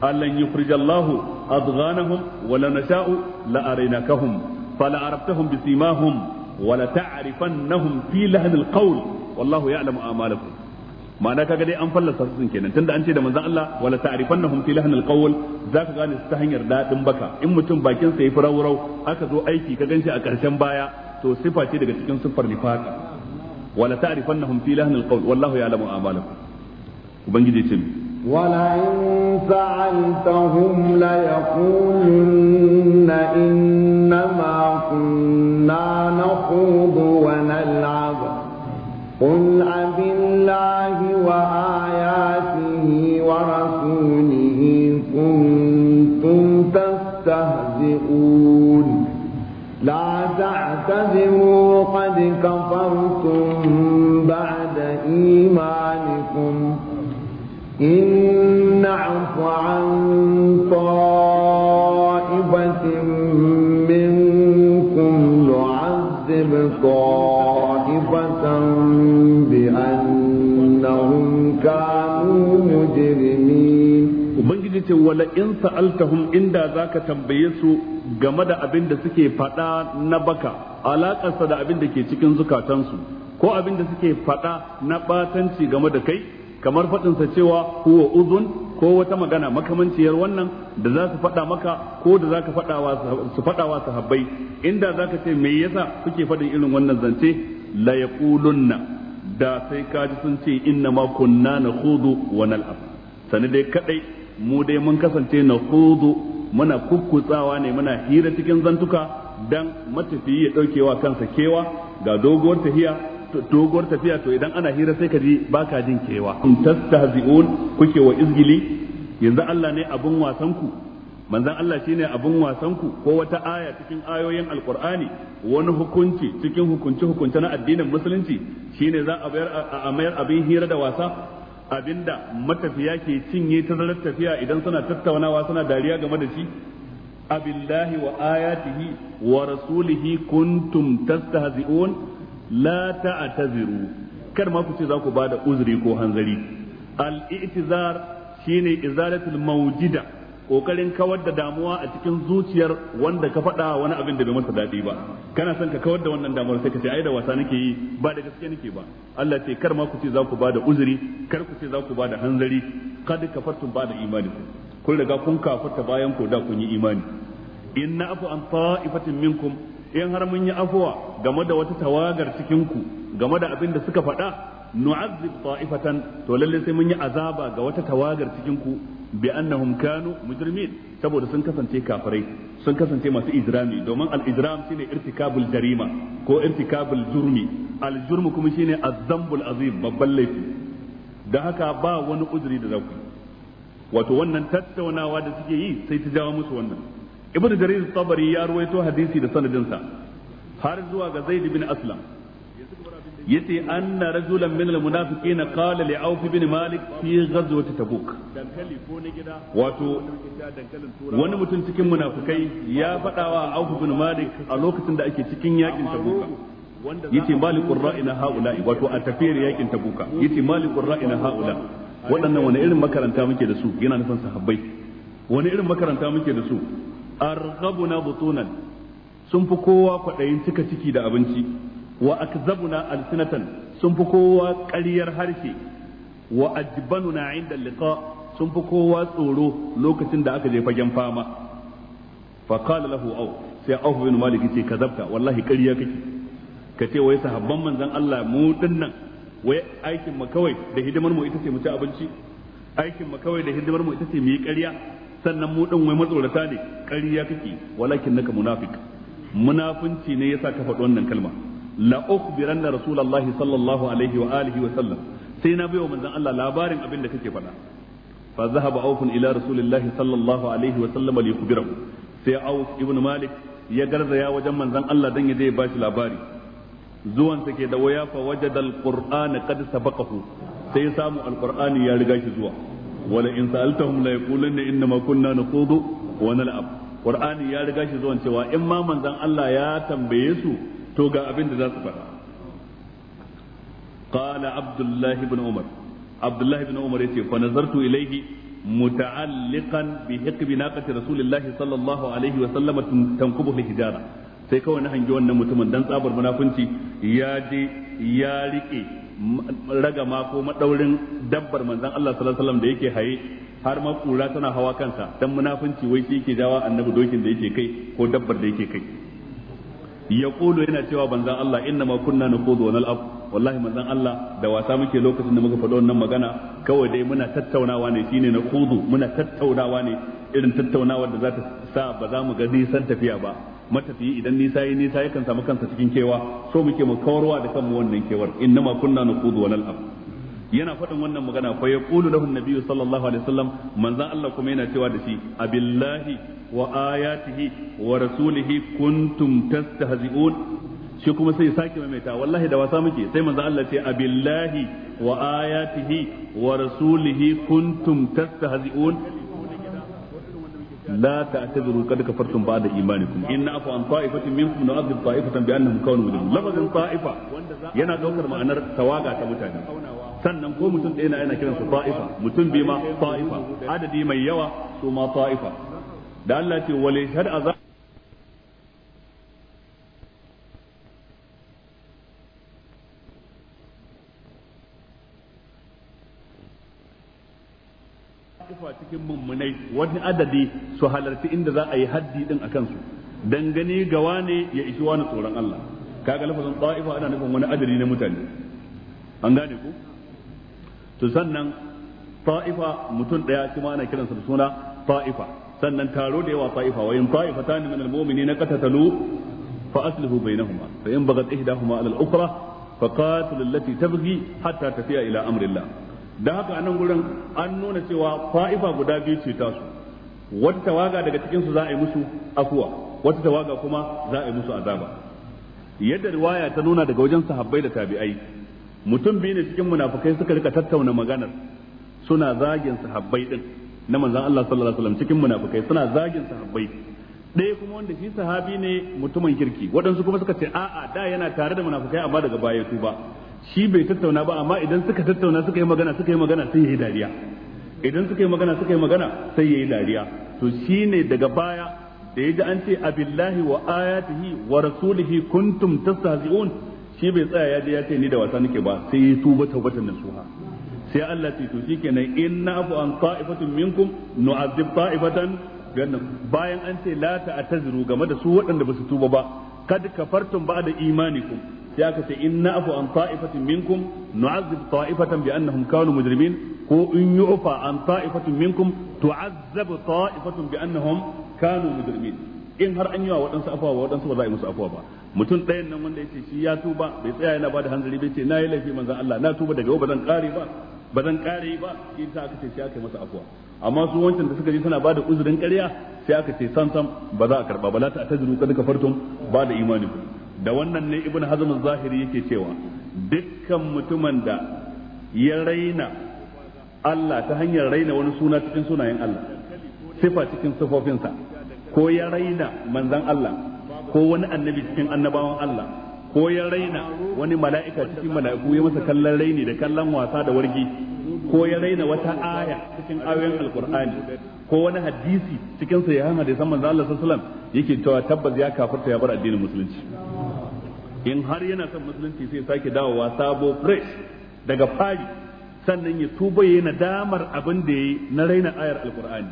allan yukhrijallahu adghanahum wa la nasha'u la araynakahum fala arabtahum bisimahum wa la ta'rifannahum fi lahnil qawl wallahu ya'lamu a'malakum ma'ana kaga dai an fallasa su kenan tunda an ce da manzon Allah wala ta'rifannahum fi lahnil qawl zaka gane su ta hanyar dadin baka in mutum bakin sa yi furau aka zo aiki ka ganshi a karshen baya to sifa ce daga cikin siffar nifaq wala ta'rifannahum fi lahnil qawl wallahu ya'lamu a'malakum ubangiji ce ولئن سألتهم ليقولن إنما كنا نخوض قل أبالله وآياته ورسوله كنتم تستهزئون لا تعتذروا قد كفرتم بعد إيمانكم إن نعف عن ce wala in sa'altahum inda zaka tambaye su game da abin da suke faɗa na baka alaƙarsa da abin da ke cikin zukatansu ko abin da suke faɗa na ɓatanci game da kai kamar faɗinsa cewa huwa uzun ko wata magana makamanciyar wannan da za su faɗa maka ko da za ka su faɗawa sahabbai inda za ka ce me yasa suke faɗin irin wannan zance la yaqulunna da sai ka ji sun ce inna ma kunna nakhudu wa nal'ab sani dai kadai mu dai mun kasance na kudu muna kukkutsawa ne muna hira cikin zantuka dan matafiyi ya daukewa kansa kewa ga doguwar tafiya doguwar tafiya to idan ana hira sai ka ji baka jin kewa in tastahzi'un kuke wa izgili yanzu Allah ne abun wasan ku manzon Allah shine abun wasan ku ko wata aya cikin ayoyin alqur'ani wani hukunci cikin hukunci hukunci na addinin musulunci shine za a a mayar abin hira da wasa abinda matafiya ke cinye zarar tafiya idan suna tattaunawa suna dariya game da shi abillahi wa ayatihi wa rasulihi kuntum tastahzi'un la ta'taziru kar ma ku ce za ku bada uzuri ko hanzari al-i'tizar shine izalatul mawjida kokarin kawar da damuwa a cikin zuciyar wanda ka faɗa wani abin da bai masa daɗi ba kana son ka kawar da wannan damuwar sai ka ce ai da wasa nake yi ba da gaske nake ba Allah ce kar ma ku ce za ku ba da uzuri kar ku ce za ku ba da hanzari kad kafartum ba da imani kun riga kun kafarta bayan ku da kun yi imani in na afu an ta'ifatin minkum in har mun yi afuwa game da wata tawagar cikin ku game da abin da suka faɗa nu'azzib ta'ifatan to lalle sai mun yi azaba ga wata tawagar cikin ku bi annahum kanu mujrimin saboda sun kasance kafirai sun kasance masu ijrami domin al-ijram shine irtikabul jarima ko irtikabul jurmi al-jurmu kuma shine az-zambul azim babban laifi da haka ba wani uzuri da zaku wato wannan tattaunawa da suke yi sai ta jawo musu wannan ibnu jarir tabari ya ruwaito hadisi da sanadin sa har zuwa ga zaid bin aslam yace anna rajulan min almunafiqina qala li auf ibn malik fi ghazwati tabuk wato wani mutum cikin munafikai ya wa auf ibn malik a lokacin da ake cikin yakin tabuk yace malikur ra'ina haula wato a tafiyar yakin tabuk yace malikur ra'ina haula waɗannan wani irin makaranta muke da su yana nufin sahabbai wani irin makaranta muke da su arghabuna butunan sun fi kowa kwaɗayin cika ciki da abinci wa akzabuna alsinatan sun fi kowa ƙaryar harshe wa ajbanuna inda liqa sun fi kowa tsoro lokacin da aka je fagen fama fa qala lahu aw sai Auf bin Malik ce kazabta wallahi ƙarya kake ka ce wai sahabban manzon Allah mu dinnan wai aikin mu kawai da hidimar mu ita ce mu ci abinci aikin mu kawai da hidimar mu ita ce mu yi ƙarya sannan mu din wai matsorata ne ƙarya kake walakin naka munafik munafunci ne yasa ka faɗi wannan kalma la ukhbiranna rasulullahi sallallahu alaihi wa alihi wa sallam sai na bayo manzon Allah labarin abin da kake faɗa fa zahaba aufun ila rasulillahi sallallahu alaihi wa sallam li yukhbirahu sai auf ibn malik ya garzaya wajen manzon Allah dan ya ba shi labari zuwan sa ke da waya fa wajada qad sabaqahu sai ya samu alqur'ani ya riga shi zuwa wala in sa'altahum la yaqulanna inna ma kunna wa nal'ab qur'ani ya riga shi zuwan cewa in ma manzon Allah ya tambaye su to ga abin da za su faɗa qala abdullah ibn umar abdullah ibn umar yace fa nazartu ilayhi muta'alliqan bi hiqbi naqati rasulillahi sallallahu alaihi wa sallam tankubu hijara sai kawai na hangi wannan mutumin dan tsabar munafunci ya je ya rike ragama ko madaurin dabbar manzon Allah sallallahu alaihi wasallam da yake haye har ma kura tana hawa kansa dan munafunci wai shi yake jawa annabi dokin da yake kai ko dabbar da yake kai ya kulu yana cewa banzan Allah inna ma kunna naqudu wa nal'ab wallahi manzan Allah da wasa muke lokacin da muka faɗo wannan magana kawai dai muna tattaunawa ne shine na kudu muna tattaunawa ne irin tattaunawar da za ta sa ba za mu ga nisan tafiya ba matafiyi idan nisa yi nisa yakan samu kansa cikin kewa so muke mu kawarwa da kanmu wannan kewar inna ma kunna kudu wa nal'ab yana faɗin wannan magana fa yaqulu lahu an-nabiyyu sallallahu alaihi wasallam manzan Allah kuma yana cewa da shi abillahi wa ayatihi wa rasulihi kuntum tastahzi'un shi kuma sai sake mai maimaita wallahi da wasa muke sai manzan Allah ce abillahi wa ayatihi wa rasulihi kuntum tastahzi'un la ta'tadiru qad kafartum ba'da imanikum inna afu an ta'ifatin minkum nu'adhib ta'ifatan bi annahum kanu mujrimin lafazin ta'ifa yana daukar ma'anar tawaga ta mutane sannan ko mutum ɗaya na yana kiransu ta'ifa mutum biyu ma ta'ifa adadi mai yawa su ma ta'ifa da Allah ce wale shar azab wani adadi su halarci inda za a yi haddi din a kansu dangane ga wane ya ishi wani tsoron Allah kaga lafazin ta'ifa ana nufin wani adadi na mutane an gane ku to sannan ta'ifa mutum daya shi ma ana kiransa da suna ta'ifa sannan taro da yawa ta'ifa wa in ta'ifatan min al na qatatalu fa aslihu bainahuma fa in bagat ihdahuma ala al-ukhra فقاتل التي تبغي حتى تفيء إلى ila الله da haka a nan gurin an nuna cewa fa'ifa guda biyu ce tasu wata tawaga daga cikinsu za a yi musu afuwa wata tawaga kuma za a yi musu azaba yadda riwaya ta nuna daga wajen sahabbai da tabi'ai mutum biyu ne cikin munafukai suka rika tattauna maganar suna zagin sahabbai din na manzon Allah sallallahu alaihi wasallam cikin munafukai suna zagin sahabbai ɗaya kuma wanda shi sahabi ne mutumin kirki waɗansu kuma suka ce a'a da yana tare da munafukai amma daga baya tuba shi bai tattauna ba amma idan suka tattauna suka yi magana suka yi magana sai yayi dariya idan suka yi magana suka yi magana sai yayi dariya to shine daga baya da yaji an ce abillahi wa ayatihi wa rasulihi kuntum tastahzi'un shi bai tsaya ya je ya ce ni da wasa nake ba sai ya tuba taubatan nasuha sai Allah ce to shikenan inna afu an qa'ifatun minkum nu'azzib ta'ifatan bayan an ce la ta'tazru game da su waɗanda ba su tuba ba kad kafartum ba'da imanikum sai aka ce in na'fu an ta'ifatin minkum nu'azzib ta'ifatan bi annahum kanu mujrimin ko in yu'fa an ta'ifatin minkum tu'azzab ta'ifatan bi annahum kanu mujrimin in har an yi wa waɗansu afuwa waɗansu ba za a yi musu afuwa ba mutum ɗayan nan wanda ya ce shi ya tuba bai tsaya yana da hanzari bai ce na yi laifi manzon Allah na tuba daga yau ba zan ƙare ba ba zan ƙare ba in ta aka ce sai aka yi masa afuwa amma su wancan da suka je suna ba da uzurin ƙarya sai aka ce sam sam ba za a karɓa ba la ta tajiru kad kafartum ba da imani da wannan ne ibn hazm zahiri yake cewa dukkan mutumin da ya raina Allah ta hanyar raina wani suna cikin sunayen Allah sifa cikin sifofinsa ko ya raina manzan Allah ko wani annabi cikin annabawan Allah ko ya raina wani mala'ika cikin mala'iku ya masa kallon raini da kallon wasa da wargi ko ya raina wata aya cikin ayoyin alkur'ani ko wani hadisi cikin sahihan hadisan manzon Allah sallallahu alaihi wasallam yake cewa tabbas ya kafirta ya bar addinin musulunci in har yana son musulunci sai sake dawowa sabo fresh daga fari sannan ya tuba ya damar abin da yayi na raina ayar alqur'ani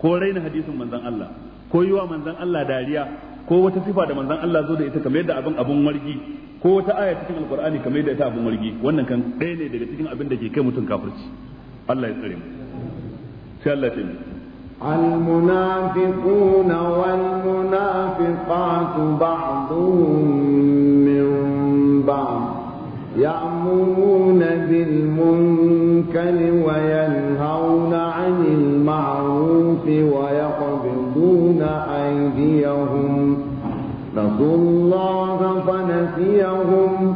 ko raina hadisin manzon Allah ko yiwa manzon Allah dariya ko wata sifa da manzon Allah zo da ita kamar yadda abin abun wargi ko wata aya cikin alqur'ani kamar yadda ita abun wargi wannan kan ɗaya ne daga cikin abin da ke kai mutum kafirci Allah ya tsare mu sai Allah ya tsare المنافقون والمنافقات بعضهم بعض يأمرون بالمنكر وينهون عن المعروف ويقبضون أيديهم نسوا الله فنسيهم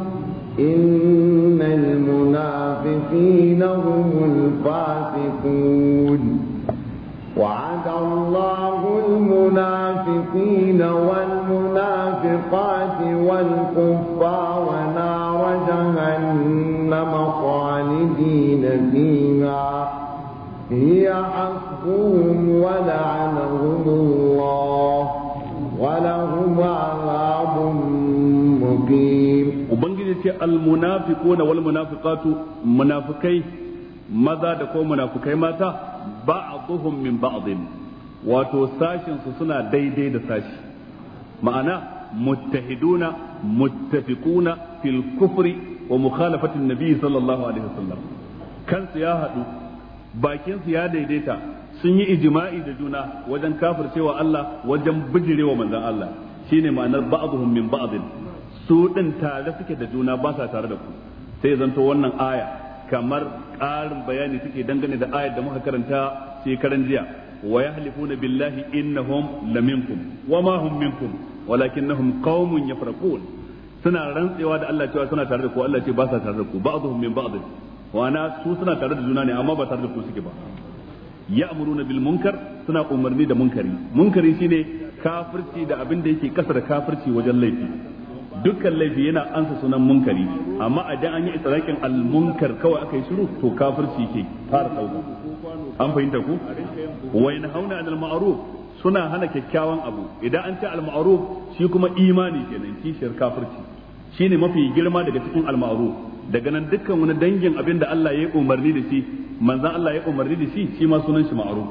إن المنافقين هم الفاسقون وعد الله المنافقين والمنافقات والكفار يتيما هي حقهم ولعنهم الله ولهم عذاب مقيم وبنجي تي المنافقون والمنافقات منافقين maza da ko munafukai mata ba'dhum min ba'dhin wato sashin su suna daidai da sashi ma'ana muttahiduna muttafiquna fil kufri wa mukhalafati nabi sallallahu alaihi wasallam kansu ya haɗu bakinsu ya daidaita sun yi ijima'i da juna wajen kafircewa Allah wajen bijirewa manzon Allah shine ma'anar ba'dhum min ba'dhin su din tare suke da juna ba sa tare da ku sai zanto wannan aya kamar ƙarin bayani take dangane da ayar da muka karanta shekaran jiya wa yahlifuna billahi innahum laminkum wama hum minkum walakinnahum qaumun yafraqun suna rantsewa da Allah cewa suna tare da ku Allah ce ba sa tare da ku ba'dhum min ba'dhin wana su suna tare da juna ne amma ba tare da su suke ba amuruna bil munkar suna umarni da munkari munkari shine kafirci da abin da yake kasa da kafirci wajen laifi dukkan laifi yana ansa sunan munkari amma idan an yi itsarakin al munkar kawai aka yi shiru to kafirci ke fara sauka an fahimta ku wa yanhauna anil ma'ruf suna hana kyakkyawan abu idan an ce al ma'ruf shi kuma imani kenan kishiyar kafirci shine mafi girma daga cikin al ma'ruf daga nan dukkan wani dangin abin da Allah ya yi umarni da shi manzan Allah ya umarni da shi shi ma sunan shi ma'aruf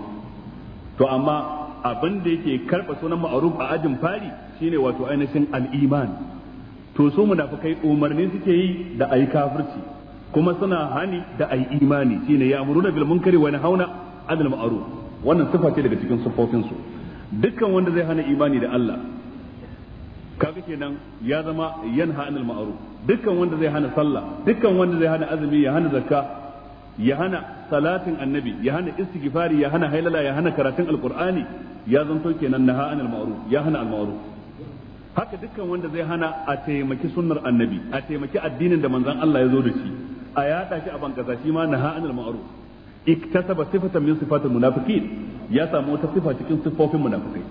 to amma abin da yake karɓa sunan ma'aruf a ajin fari shine wato ainihin al-iman to su munafikai umarni suke yi da ayi kafirci kuma suna hani da ayi imani shine ya'muruna bil munkari wa nahawna 'anil ma'ruf wannan sifa ce daga cikin sifofin su dukkan wanda zai hana imani da Allah kaga kenan ya zama yanha 'anil ma'ruf dukkan wanda zai hana sallah dukkan wanda zai hana azumi ya hana zakka ya hana salatin annabi ya hana istighfari ya hana hailala ya hana karatun alqur'ani ya zanto kenan naha anil ma'ruf ya hana al ma'ruf haka dukkan wanda zai hana a taimaki sunnar annabi a taimaki addinin da manzon Allah ya zo da shi a yada shi a bankasa shi ma naha anil ma'ruf iktasaba sifatan min sifatil munafiqin ya samu wata sifa cikin siffofin munafikai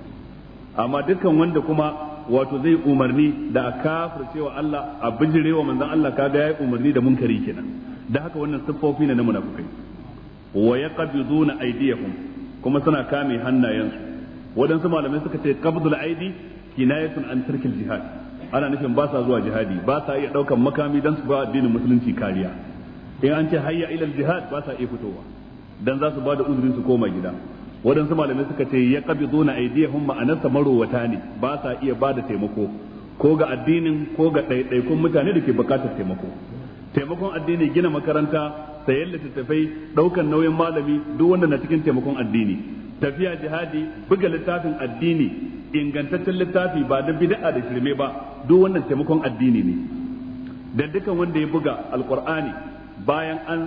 amma dukkan wanda kuma wato zai umarni da a kafircewa Allah a bijirewa manzon Allah kaga yayi umarni da munkari kenan da haka wannan siffofi ne na munafukai wa yaqbiduna aydiyahum kuma suna kame hannayensu wadansu malamai suka ce qabdul aidi kinayatun an tarkil jihad ana nufin ba sa zuwa jihadi ba sa iya daukan makami dan su ba addinin musulunci kariya in an ce hayya ilal jihad ba sa iya fitowa dan za su ba da uzurin su koma gida waɗansu malamai suka ce ya qabiduna aydiyahum ma'anarsa marowata ne ba sa iya ba da taimako ko ga addinin ko ga ɗaiɗaikun mutane da ke buƙatar taimako taimakon addini gina makaranta sayan littattafai ɗaukan nauyin malami duk wanda na cikin taimakon addini tafiya jihadi buga littafin addini ingantaccen littafi ba da bid'a da shirme ba duk wannan taimakon addini ne da dukkan wanda ya buga alqur'ani bayan an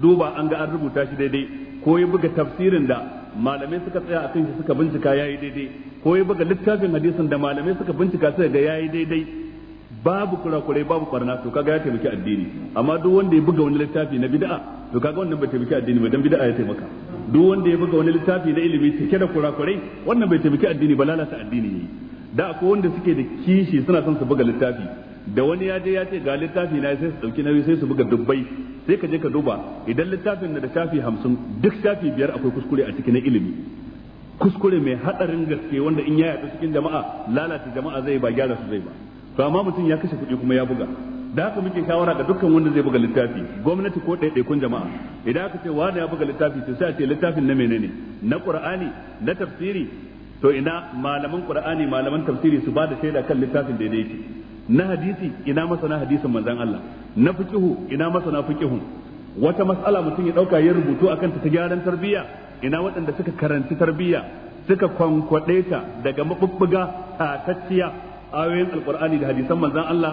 duba an ga an rubuta shi daidai ko ya buga tafsirin da malamai suka tsaya akan shi suka bincika yayi daidai ko ya buga littafin hadisin da malamai suka bincika suka ga yayi daidai babu kurakurai babu barna to kaga ya taimaki addini amma duk wanda ya buga wani littafi na bid'a to kaga wannan bai taimaki addini ba dan bid'a ya taimaka duk wanda ya buga wani littafi na ilimi cike da kurakurai wannan bai taimaki addini ba lalata addini ne da akwai wanda suke da kishi suna son su buga littafi da wani ya je ya ce ga littafi na sai su dauki nauyi sai su buga dubbai sai ka je ka duba idan littafin na da shafi hamsin duk shafi biyar akwai kuskure a cikin ilimi kuskure mai hadarin gaske wanda in ya yaɗu cikin jama'a lalata jama'a zai ba gyara su zai ba to amma mutum ya kashe kuɗi kuma ya buga da haka muke shawara ga dukkan wanda zai buga littafi gwamnati ko kun jama'a idan aka ce wani ya buga littafi to sai a ce littafin na menene na qur'ani na tafsiri to ina malaman qur'ani malaman tafsiri su ba da shaida kan littafin daidai ce na hadisi ina masana hadisin manzon Allah na fiqihu ina masana fiqihun wata mas'ala mutum ya dauka ya rubutu akan ta gyaran tarbiyya ina waɗanda suka karanci tarbiyya suka kwankwade ta daga mabubbuga tacciya ayoyin alqur'ani da hadisan manzon Allah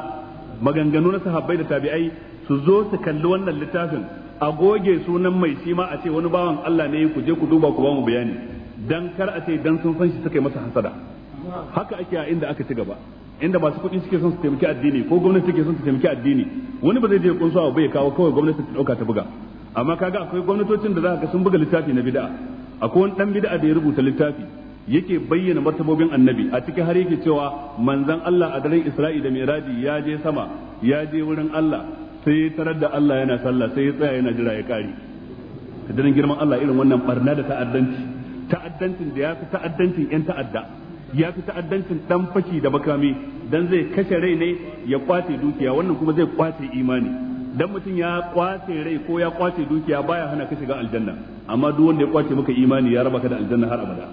maganganu na sahabbai da tabi'ai su zo su kalli wannan littafin a goge sunan mai shi ma a ce wani bawan Allah ne ku je ku duba ku ba mu bayani dan kar a ce dan sun san shi suka yi masa hasada haka ake a inda aka ci gaba inda masu kuɗi suke son su taimaki addini ko gwamnati suke son su taimaki addini wani ba zai je kunsu ba bai kawo kawai gwamnati ta dauka ta buga amma kaga akwai gwamnatocin da zaka sun buga littafi na bid'a akwai wani dan bid'a da ya rubuta littafi yake bayyana martabobin annabi a cikin har yake cewa manzon Allah a daren Isra'i da Miraji ya je sama ya je wurin Allah sai ya tarar da Allah yana sallah sai ya tsaya yana jira ya kare kadan girman Allah irin wannan barna da ta'addanci ta'addancin da ya fi ta'addancin yan ta'adda ya fi ta'addancin dan fashi da makami dan zai kashe rai ne ya kwace dukiya wannan kuma zai kwace imani dan mutum ya kwace rai ko ya kwace dukiya baya hana ka shiga aljanna amma duk wanda ya kwace maka imani ya raba ka da aljanna har abada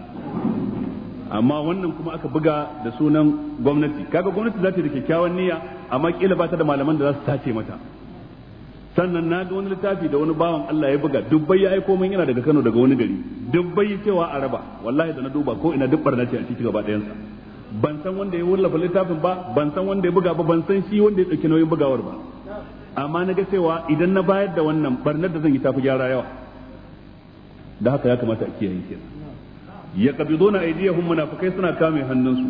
amma wannan kuma aka buga da sunan gwamnati kaga gwamnati za ta yi da kyakkyawan niyya amma kila ba ta da malaman da za su tace mata sannan na ga wani littafi da wani bawan Allah ya buga dubbai ya aiko min yana daga Kano daga wani gari dubbai cewa a raba wallahi da na duba ko ina dubbar na ce a ciki gaba ɗayansa ban san wanda ya wallafa littafin ba ban san wanda ya buga ba ban san shi wanda ya dauki nauyin bugawar ba amma na ga cewa idan na bayar da wannan barnar da zan yi tafi gyara yawa da haka ya kamata a kiyaye kenan ya qabiduna aydiyahum munafiqai suna kame hannunsu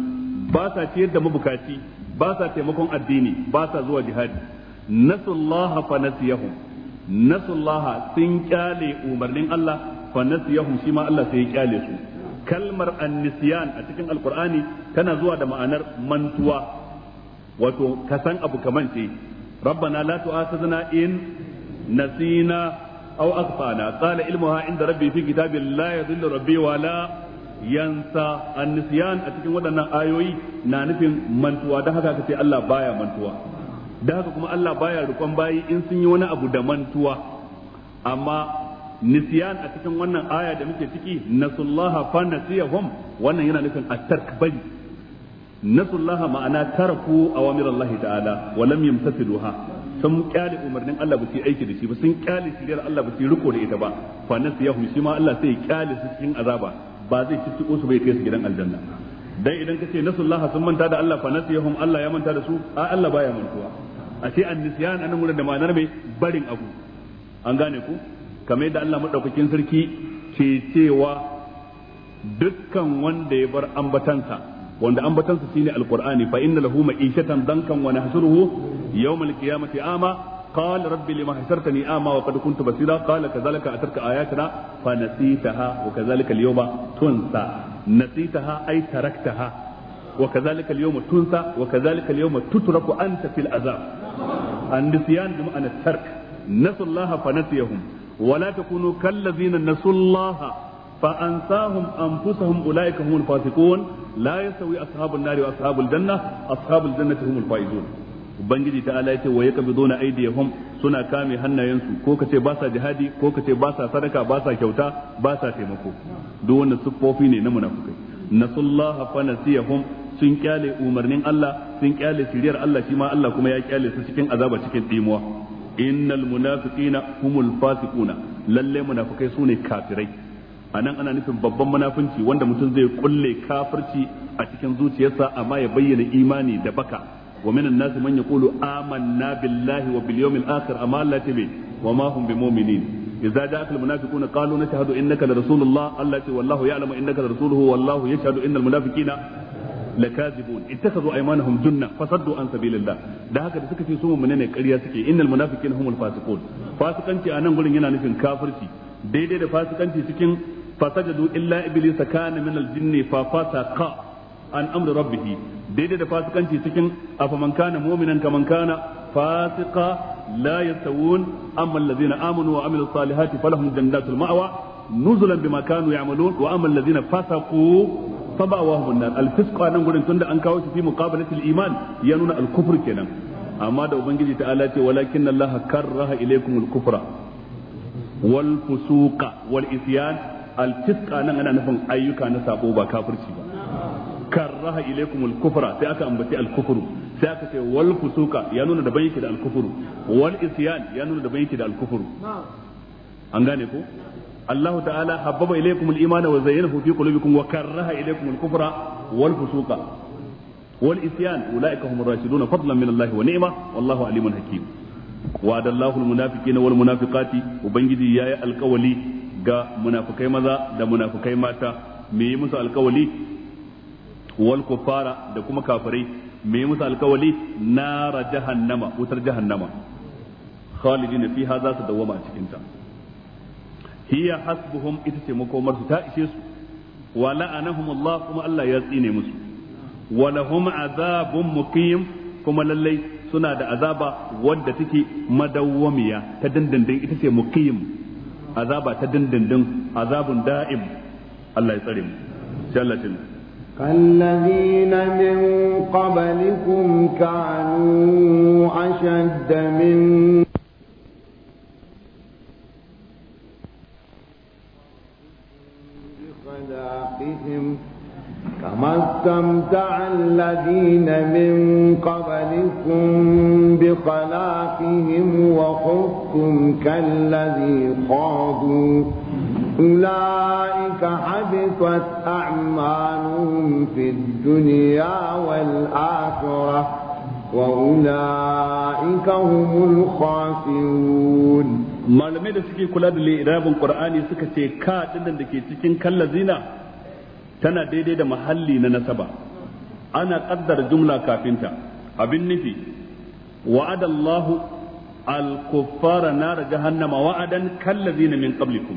ba sa ciyar da mabukaci ba sa taimakon addini ba sa zuwa jihadi nasu Allah fa nasu yahu nasu Allah sun ƙyale umarnin Allah fa nasu yahu shi Allah sai ya kyale su kalmar annisyan a cikin alkur'ani tana zuwa da ma'anar mantuwa wato ka san abu kaman ce rabbana la tu'akhidhna in nasina aw aghfana qala ilmuha inda rabbi fi kitabin la yadhillu rabbi wa la yansa annisyan a cikin waɗannan ayoyi na nufin mantuwa don haka ka ce Allah baya mantuwa da haka kuma Allah baya rukon bayi in sun yi wani abu da mantuwa amma nisyan a cikin wannan aya da muke ciki nasullaha fa nasiyahum wannan yana nufin at-tarkbali nasullaha ma'ana taraku awamir Allah ta'ala wa lam yamtasiluha sun kyale umarnin Allah ba su aiki da shi ba sun kyale shiriyar Allah ba su riko da ita ba fa nasiyahum shi ma Allah sai ya kyale su cikin azaba ba zai cicciko su bai kai su gidan aljanna dan idan kace nasullaha sun manta da Allah fa nasiyahum Allah ya manta da su a Allah baya mantuwa a ce an nisyan anan wurin da ma'anar mai barin abu an gane ku kamar yadda Allah madaukakin sarki ke cewa dukkan wanda ya bar ambatansa wanda ambatansa shine alqur'ani fa inna lahu ma'ishatan dankan wa nahsuruhu yawmal qiyamati ama قال رب لما حشرتني أعمى وقد كنت بصيرا قال كذلك أتتك آياتنا فنسيتها وكذلك اليوم تنسى نسيتها أي تركتها wa kazalika al-yawma tunsa wa kazalika al-yawma tutraku anta fil azab an nisyan bi ma'ana tark nasallaha fa nasiyahum wa la takunu kal ladzina nasullaha fa ansahum anfusahum ulaika humul fasiqun la yasawi ashabun nari wa ashabul janna ashabul jannati humul ta ala yace wa ya aydiyahum suna kame hannayensu ko kace ba sa jihadi ko kace ba sa sadaka ba sa kyauta ba sa taimako duk wannan siffofi ne na munafikai fa nasiyahum sun kyale umarnin Allah sun kyale siriyar Allah shi ma Allah kuma ya kyale su cikin azaba cikin dimuwa innal munafiqina humul fasiquna lalle munafikai sune kafirai anan ana nufin babban munafunci wanda mutum zai kulle kafirci a cikin zuciyarsa amma ya bayyana imani da baka ومن الناس من يقول آمنا بالله وباليوم الآخر أما لا تبي وما هم بمؤمنين إذا جاءك المنافقون قالوا نشهد إنك لرسول الله التي والله يعلم إنك لرسوله والله يشهد إن المنافقين lakazibun ittakhadhu aymanahum junna fasaddu an sabilillah da haka da suka ce su mu'mini ne ƙarya suke innal munafiqina humul fasiqun fasikanci a nan gurin yana nufin kafirci daidai da fasikanci cikin fasajadu illa iblis kana min aljinni fa fasaqa an amri rabbih daidai da fasikanci cikin afaman kana mu'minan kaman kana fasiqa la yastawun amma amanu wa amilus salihati falahum jannatul ma'wa nuzulan bima kanu ya'malun wa amma alladhina fa ba wa hum nar al-fisq nan gurin tunda an kawo shi fi muqabalatil iman ya nuna al kenan amma da ubangiji ta'ala ce walakin Allah karraha ilaykum al-kufra wal fusuqa wal isyan al-fisq nan ana nufin ayyuka na sabo ba kafirci ba karraha ilaykum al-kufra sai aka ambaci al sai aka ce wal fusuqa ya nuna da bayyake da wal ya nuna da da an gane ko الله تعالى حبب إليكم الإيمان وزينه في قلوبكم وكره إليكم الكفر والفسوق والإتيان أولئك هم الراشدون فضلا من الله ونعمة والله عليم حكيم وعد الله المنافقين والمنافقات وبنجدي يا القولي ga munafukai maza da munafukai mata me yi musu alkawali wal kufara da kuma kafirai me yi musu alkawali nara jahannama wutar jahannama khalidina fiha za su dawwama a cikinta hiya hasbuhum ita ce makomar su ta ishe su wa la'anahum kuma Allah ya tsine musu wa lahum azabun muqim kuma lallai suna da azaba wadda take madawwamiya ta dindindin ita ce muqim azaba ta dindindin azabun da'im Allah ya tsare mu sai Allah ya كالذين من قبلكم كانوا أشد منكم متاع الذين من قبلكم بخلافهم وخفتم كالذي خاضوا أولئك حبطت أعمالهم في الدنيا والآخرة وأولئك هم الخاسرون malamai da suke kula da lirabin qur'ani suka ce ka dinnan da ke cikin kallazina tana daidai da mahalli na nasaba ana qaddara jumla kafinta abin nufi wa'ada Allah al-kuffara nar jahannama wa'adan kallazina min qablikum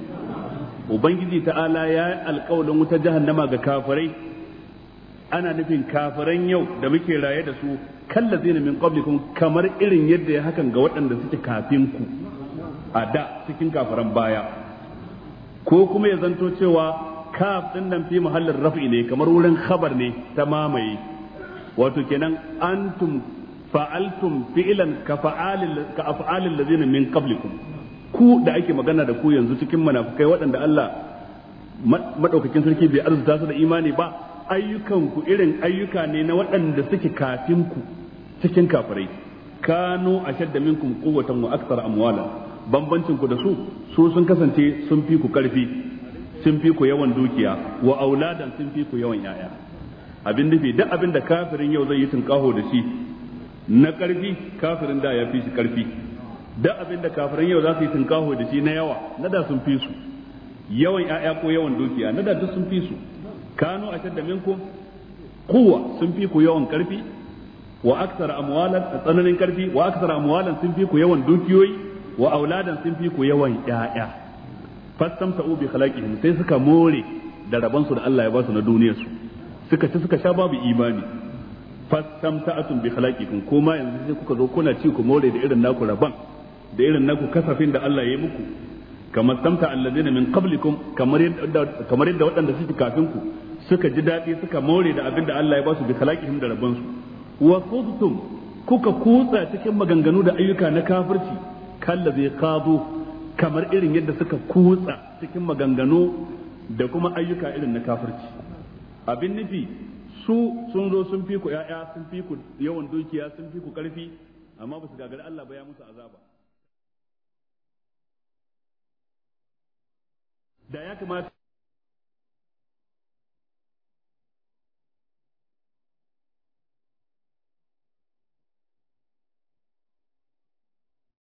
ubangiji ta'ala ya alƙawlin wuta jahannama ga kafirai ana nufin kafiran yau da muke raye da su kallazina min qablikum kamar irin yadda ya hakan ga waɗanda suke kafin ku a da cikin kafiran baya ko kuma ya zanto cewa kaf din nan fi mahallin raf'i ne kamar wurin khabar ne ta mamaye wato kenan antum fa'altum fi'lan ka fa'alil ka af'alil ladzina min qablikum ku da ake magana da ku yanzu cikin munafikai waɗanda Allah madaukakin sarki bai arzuta su da imani ba ayyukan ku irin ayyuka ne na waɗanda suke kafin ku cikin kafirai kano ashadda minkum quwwatan wa aktsara amwala bambancin ku da su su sun kasance sun fi ku karfi sun fi ku yawan dukiya wa auladan sun fi ku yawan yaya abin nufi duk abin da kafirin yau zai yi tunkaho da shi na karfi kafirin da ya fi shi karfi duk abin da kafirin yau za su yi tunkaho da shi na yawa na da sun fi su yawan yaya ko yawan dukiya na da duk sun fi su kanu ashadda minkum kowa sun fi ku yawan karfi wa aksara amwalan tsananin karfi wa aksara amwalan sun fi ku yawan dukiyoyi wa auladan sun fi ku yawan yaya fastamta'u bi khalaqihim sai suka more da rabansu da Allah ya ba su na duniyar su suka ci suka sha babu imani fastamta'atun bi khalaqikum kuma yanzu sai kuka zo kuna ci ku more da irin naku raban da irin naku kasafin da Allah ya yi muku kamar samta allazina min qablikum kamar yadda kamar yadda waɗanda suke kafin ku suka ji daɗi suka more da abin da Allah ya ba su bi khalaqihim da rabansu wa kuntum kuka kutsa cikin maganganu da ayyuka na kafirci kallazi qadu kamar irin yadda suka kutsa cikin maganganu da kuma ayyuka irin na kafirci abin nufi su sun zo sun fi ku ya'ya sun fi ku yawan dukiya sun fi ku karfi amma ba su gagari Allah ba ya musu azaba da ya kamata